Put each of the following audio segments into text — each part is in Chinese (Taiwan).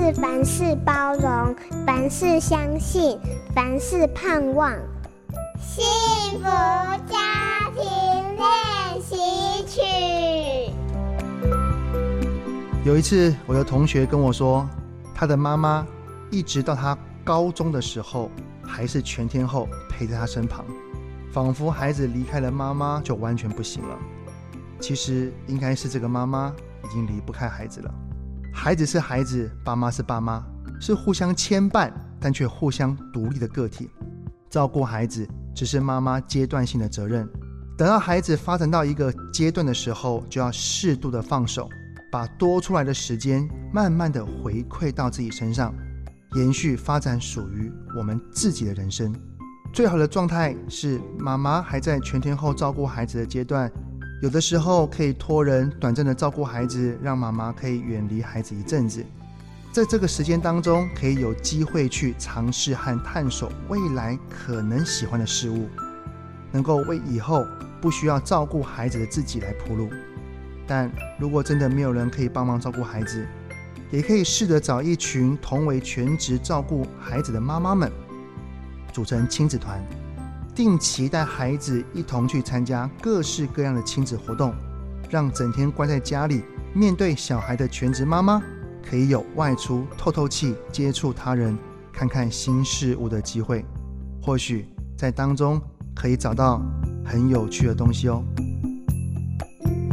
是凡事包容，凡事相信，凡事盼望。幸福家庭練習曲。有一次，我的同學跟我說，他的媽媽一直到他高中的時候，還是全天候陪在他身旁，仿佛孩子離開了媽媽就完全不行了。其實，應該是這個媽媽已經離不開孩子了。孩子是孩子，爸媽是爸媽，是互相牽絆但卻互相獨立的個體。照顧孩子只是媽媽階段性的責任，等到孩子發展到一個階段的時候，就要適度的放手，把多出來的時間慢慢的回饋到自己身上，延續發展屬於我們自己的人生。最好的狀態是媽媽還在全天候照顧孩子的階段。有的時候可以托人短暫的照顧孩子，讓媽媽可以遠離孩子一陣子，在這個時間當中，可以有機會去嘗試和探索未來可能喜歡的事物，能夠為以後不需要照顧孩子的自己來鋪路。但如果真的沒有人可以幫忙照顧孩子，也可以試着找一群同為全職照顧孩子的媽媽們，組成親子團。定期帶孩子一同去參加各式各樣的親子活動，讓整天關在家裡面對小孩的全職媽媽，可以有外出透透氣、接觸他人、看看新事物的機會。或許在當中可以找到很有趣的東西哦。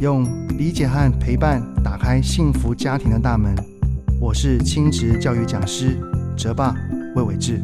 用理解和陪伴打開幸福家庭的大門。我是親職教育講師澤爸魏瑋志。